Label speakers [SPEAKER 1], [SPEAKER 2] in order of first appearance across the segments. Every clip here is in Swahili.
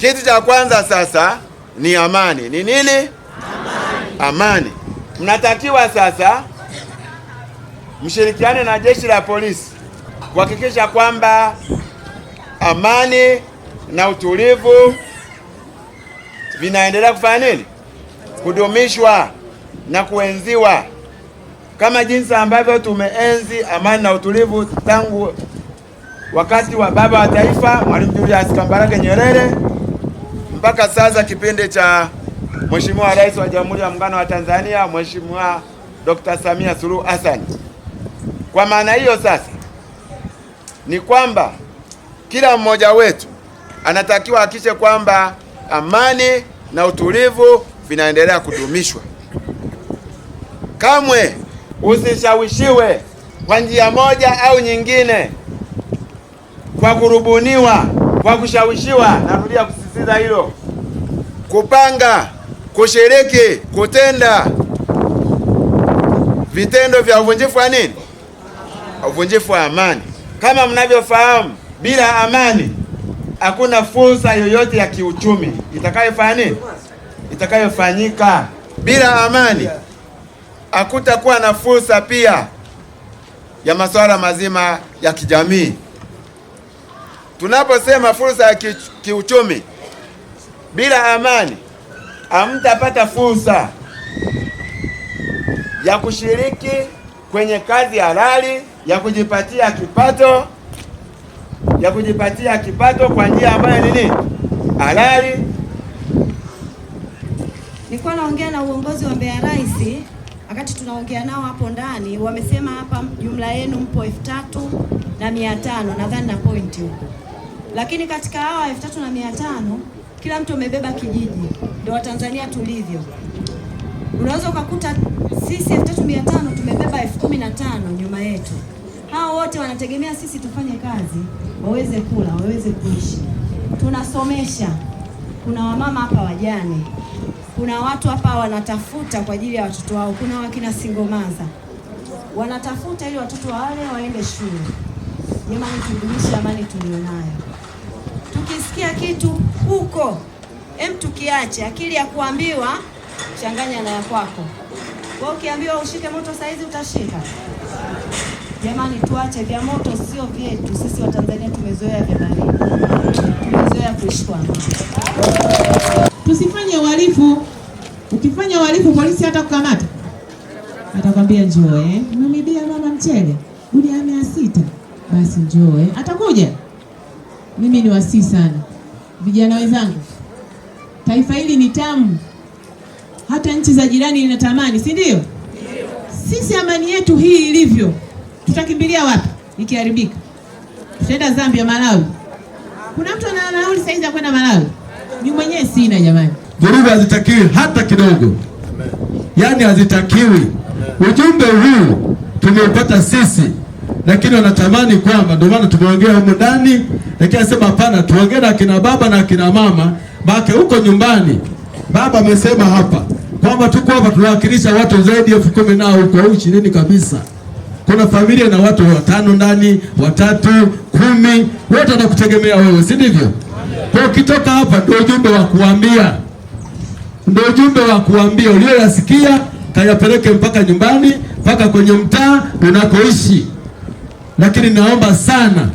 [SPEAKER 1] Kitu cha kwanza sasa ni amani. Ni nini?
[SPEAKER 2] Amani.
[SPEAKER 1] Amani. Mnatakiwa sasa mshirikiane na jeshi la polisi kuhakikisha kwamba amani na utulivu vinaendelea kufanya nini? Kudumishwa na kuenziwa kama jinsi ambavyo tumeenzi amani na utulivu tangu wakati wa baba wa taifa Mwalimu Julius Kambarage Nyerere mpaka sasa kipindi cha Mheshimiwa Rais wa Jamhuri ya Muungano wa Tanzania Mheshimiwa Dr. Samia Suluhu Hassan. Kwa maana hiyo sasa ni kwamba kila mmoja wetu anatakiwa hakishe kwamba amani na utulivu vinaendelea kudumishwa. Kamwe usishawishiwe kwa njia moja au nyingine, kwa kurubuniwa, kwa kushawishiwa. Narudia kutimiza hilo, kupanga, kushiriki, kutenda vitendo vya uvunjifu wa nini? Uvunjifu wa amani. Kama mnavyofahamu, bila amani hakuna fursa yoyote ya kiuchumi itakayofanya nini, itakayofanyika. Bila amani hakutakuwa na fursa pia ya masuala mazima ya kijamii. Tunaposema fursa ya kiuchumi bila amani hamtapata fursa ya kushiriki kwenye kazi halali ya kujipatia kipato ya kujipatia kipato kwa njia ambayo nini halali.
[SPEAKER 3] Nilikuwa naongea na uongozi wa Mbeya Rais, wakati tunaongea nao hapo ndani, wamesema hapa jumla yenu mpo elfu tatu na mia tano nadhani na pointi huko, lakini katika hawa elfu tatu na mia tano kila mtu amebeba kijiji, ndio Watanzania tulivyo. Unaweza ukakuta sisi elfu tatu mia tano tumebeba elfu kumi na tano nyuma yetu. Hao wote wanategemea sisi tufanye kazi, waweze kula, waweze kuishi. Tunasomesha, kuna wamama hapa wajane, kuna watu hapa wanatafuta kwa ajili ya watoto wao, kuna wakina singomaza wanatafuta ili watoto wale waende shule. Jamani, tudumishe amani tulionayo ukisikia kitu huko, em, tukiache akili ya kuambiwa, changanya na ya kwako. Wewe ukiambiwa ushike moto saizi utashika? Jamani, tuache vya moto, sio vyetu sisi. Watanzania tumezoea vya baridi, tumezoea kuishi kwa amani,
[SPEAKER 4] tusifanye uhalifu. Ukifanya uhalifu, polisi hata kukamata atakwambia njoo, eh, umeibia mama mchele gunia mia sita, basi njoo, eh, atakuja mimi ni wasii sana vijana wenzangu, taifa hili ni tamu, hata nchi za jirani linatamani, si ndio? Sisi amani yetu hii ilivyo, tutakimbilia wapi ikiharibika? Tutaenda Zambia, Malawi? Kuna mtu ana nauli saizi ya kwenda Malawi? Ni mwenyewe sina, jamani,
[SPEAKER 5] dhuruba hazitakiwi hata kidogo, yaani hazitakiwi. Ujumbe huu tumeupata sisi lakini wanatamani kwamba, ndio maana tumeongea huko ndani, lakini anasema hapana, tuongee na kina baba na kina mama bake huko nyumbani. Baba amesema hapa kwamba tuko hapa tunawakilisha watu zaidi ya elfu kumi huko au ishirini kabisa. Kuna familia na watu watano ndani, watatu, kumi, wote wanakutegemea wewe, si ndivyo? Kwa ukitoka hapa ndio ujumbe wa kuambia, ndio ujumbe wa kuambia ulioyasikia kayapeleke mpaka nyumbani, mpaka kwenye mtaa unakoishi lakini naomba sana,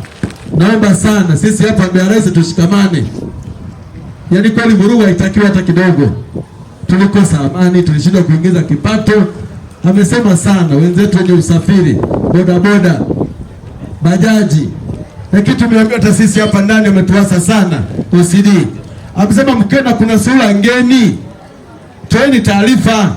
[SPEAKER 5] naomba sana sisi hapa BRS tushikamane. Yaani kweli vurugu haitakiwi hata kidogo. Tulikosa amani, tulishindwa kuingiza kipato. Amesema sana wenzetu wenye usafiri, bodaboda, bajaji, lakini tumeambiwa hata sisi hapa ndani wametuasa sana OCD. Amesema mkenda kuna sura ngeni, toeni taarifa.